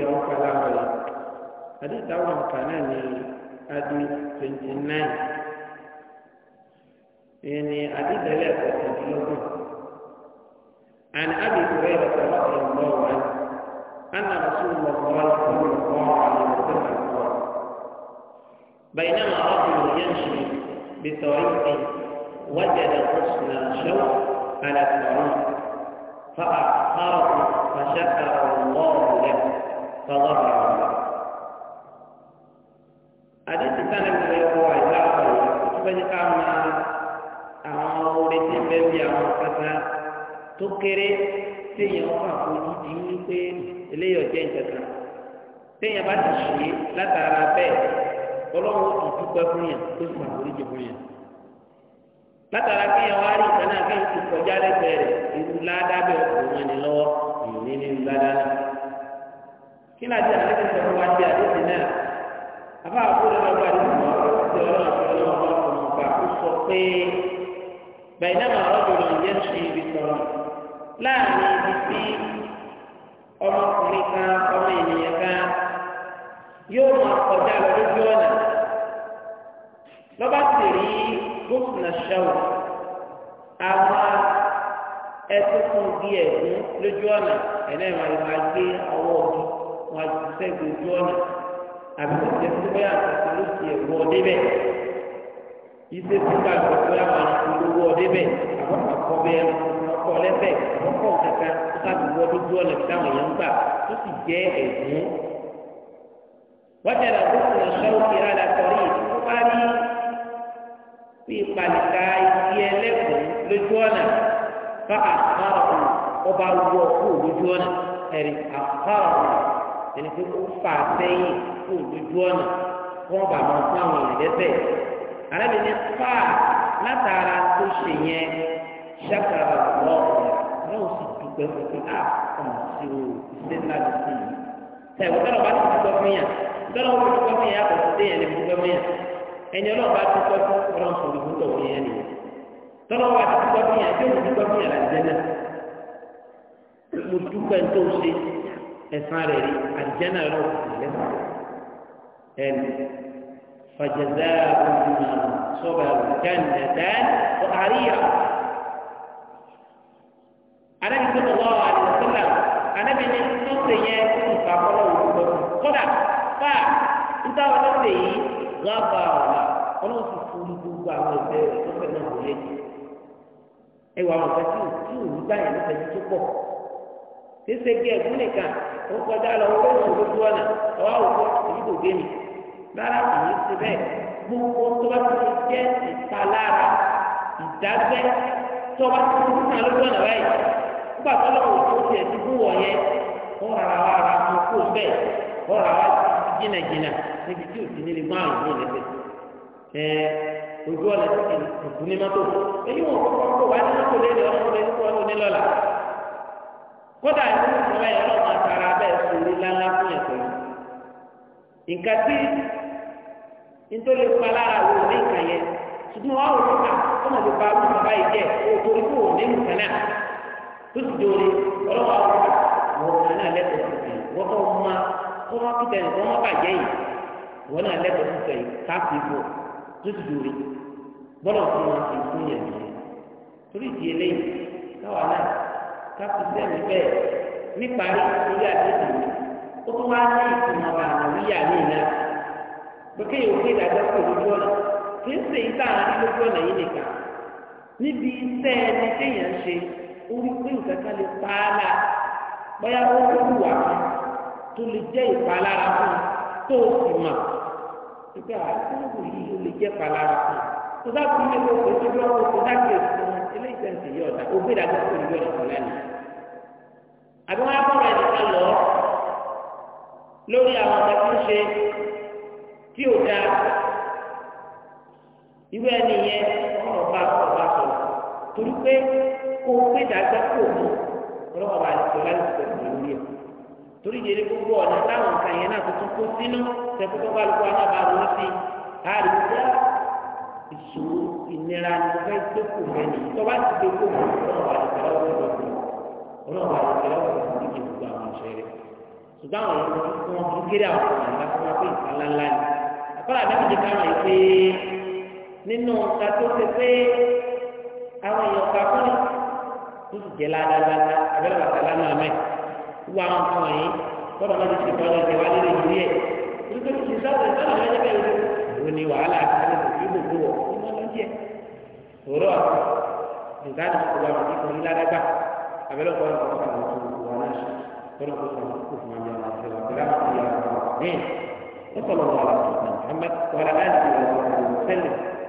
حديث أو كلام حديث أو كلام حديث 29 يعني حديث ثلاثة عن أبي هريرة رضي الله عنه أن رسول الله صلى الله عليه وسلم قال بينما رجل يمشي بطريق وجد حسن شوق على الطريق فأعقره فشكر الله له فضرر حديث ثاني من يروى إسلام تبدي téèyàn kà fojú di ní pé eléyọ̀ jẹ́ ìjọba téèyàn bá ti ṣe látara bẹ́ẹ̀ ọlọ́run dúpẹ́ fún yàn kila ti àdéhùn sọ̀rọ̀ wá sí àdéhùn náà àbá àbúrò lọ́wọ́ àdéhùn ọ̀rọ̀ ti ọ̀rọ̀ àti ọlọ́wọ́ bá fún un gbà ó sọ pé bẹ̀rẹ̀ náà ọ̀rọ̀ ló ń yẹ sí ibi sọ̀rọ̀ láàrin ibi tí ọmọkùnrin kan ọmọ ènìyàn kan yóò máa kọjá lọ lójú ọ̀nà lọ́ba sì rí gómìnà ṣẹ́wọ̀ àwọn ẹtùkùn bíi ẹ̀gún lójú ọ̀nà ẹ̀ náà máa gbé ọwọ́ ọdún wọn ti sẹ́ gbogbo ọ̀nà àbí kò jẹ́ pé bóyá àtàkùn ló ti ẹ̀wọ́ débẹ̀ iṣẹ́ tí ká lọ pé àwọn olówó débẹ̀ àwọn àkọ́ bẹ́ẹ̀ ọkọ̀ lẹ́sẹ̀ ọkọ̀ kẹta tó sábà wọ́ gbogbo ọ̀nà tí àwọn èèyàn ń gbà tó sì jẹ́ ẹ̀gbọ́n. wọ́n jẹ́ àdàkùn ìrànlọ́wọ́ fi ìpàlìkà ibi ẹlẹ́kùn lójú ọ̀nà fa àkàrà ọba wọ kú lójú ọ̀nà ẹ̀rí àkàrà ẹni pé ó fà sẹ́yìn kó lójú ọ̀nà kó wọn bà máa fún àwọn èèyàn dẹ́sẹ̀ arábìnrin fà látara tó ṣe yẹn ṣàkàrà lọ náà sì dúpẹ́ fún a ah, ọmọ sí o ṣe ńlá ló sí i tẹ̀ wọ́n tọ́lọ̀ bá ti dúpẹ́ fún yàn tọ́lọ̀ wọ́n dúpẹ́ fún yàn àkọsí déyàn lè dúpẹ́ fún yàn ẹni ọlọ́ọ̀ bá dúpẹ́ fún ọlọ́ọ̀ sọ̀rọ̀ ìbútọ̀ fún yàn nìyẹn tọ́lọ̀ wọ́n dúpẹ́ fún yàn tí ó dúpẹ́ fún yàn láti dẹ́ náà mo dúpẹ́ tó ṣe ẹ̀sán rẹ̀ rí àjẹ́nà rẹ̀ òkùnrin ẹni fàjẹ̀dá ọ̀gbìnà sọ́bà jẹ́nẹ̀dá ọ̀háríyà anábì tó lọ́wọ́ àdìsílà anábì ní tó ṣe yẹ kó nǹkan fọlọ́ òkùnkùn kódà fà níta wọn ló ṣe yìí gbàgbà ọ̀la wọn ló sì fún gbogbo àwọn ẹgbẹ́ rẹ̀ tó fẹ́ náà wọlé ẹwà àwọn ọ̀gá tí ò tí ò ní báyìí nípa ẹni tó pọ̀ kí ṣe gé ẹ̀gún nìkan. gbé mi rárá kò ní ṣe bẹ́ẹ̀ gbogbo tó bá ti jẹ́ ìpalára ìdágbẹ́ tó bá ti fún fún alójú ọ̀nà báyìí nígbà tó lọ́wọ́ tó ti ẹ̀ ti fún wọ̀ yẹn wọ́n rárá wá ra mọ kó bẹ́ẹ̀ wọ́n rárá wá jìnnàjìnnà níbi tí òsì nílé máa ń lò lẹ́sẹ̀ ẹ ojú ọ̀nà ti ti ní mọ́tò èyí wọn kọ́ kọ́ wá ní mọ́tò lé lọ́wọ́ ní kọ́ ní lọ́la kódà ìlú ìfọwọ́ yẹn lọ́wọ́ nǹkan tí nítorí palára wo ní nǹkan yẹn ṣùgbọ́n wàá wò lọ́kà ah, ọmọ tó bá wù bàbá yìí jẹ́ o torí kò ní nǹkan náà tó sì dóore ọlọ́wọ́ àwọn ọ̀gá àwọn ọ̀gá náà lẹ́tọ̀ọ́ sí i wọ́n kọ́ ọmọ kọ́ wọ́n kí tẹ̀lé kọ́ wọ́n bàjẹ́ yìí wọ́n náà lẹ́tọ̀ọ́ sí sọ káàpì bọ̀ tó sì dóore bọ́lọ̀ fún wọn ti fún yẹn nìyẹn torí ìdí eléyìí káwa náà káàpì sẹ́mi ó tún wá ní ìtumọ̀ màáríyà ní ìlà pé yóò gbé ìdájọ́ pé lójú ọ̀nà kì í ṣe ìta àárín lójú ọ̀nà yìí nìkan níbi iṣẹ́ ẹni téèyàn ń ṣe orí pé nǹkan kan lè pa á la bóyá ó ń wà fún tó lè jẹ́ ìpalára fún tó o sì mọ̀ ìgbà àtúntò yìí ó lè jẹ́ ìpalára fún tó bá kú ní kó o tó lọ́wọ́ tó bá kí o sùn eléyìí ó gbé ìdájọ́ pé lójú ọ̀nà kọ̀ọ̀lá lórí àwọn ọ̀gá tó ń ṣe tí ò dáa irú ẹni yẹn ọ̀rọ̀ bá ọba sọ̀rọ̀ torí pé kó o pé dàgbà kò mú ọlọ́wọ́ bá lè sọ̀rọ̀ láti sọ̀rọ̀ lórí ẹ̀ torí ìdílé gbogbo ọ̀nà táwọn nǹkan yẹn náà tuntun kó sínú tẹ̀kọ́ tó bá lùkọ́ náà bá lọ sí i á rí bá ìṣòro ìnira ni wọ́n fẹ́ gbé kò mẹ́ni tó bá ti gbé kò mọ́ ọ̀rọ̀ ṣùgbọ́n àwọn ọmọ tí wọ́n fún kéré àwọn ọmọ ìgbà tí wọ́n pè nǹkan ńláńlá ni àkọ́lá àdébí ti ká wọ̀nyí pé nínú ọ̀gá tó ṣe pé àwọn èèyàn ọ̀gá fún mi tó sì jẹ́ ládàládà abẹ́rẹ́ bàtà lánàá mẹ́ wọ àwọn ọmọ wọ̀nyí bọ́dọ̀ máa ti ṣe kọ́ lọ́jọ́ wa lórí ìlú yẹ nítorí kò sí sáwọn ìsáwọn ìlú ẹ̀jẹ̀ bẹ́ẹ̀ ló ní فنقول الله كفنا من الله خير ولا نقول يا رب العالمين وصلى الله على سيدنا محمد وعلى اله وصحبه وسلم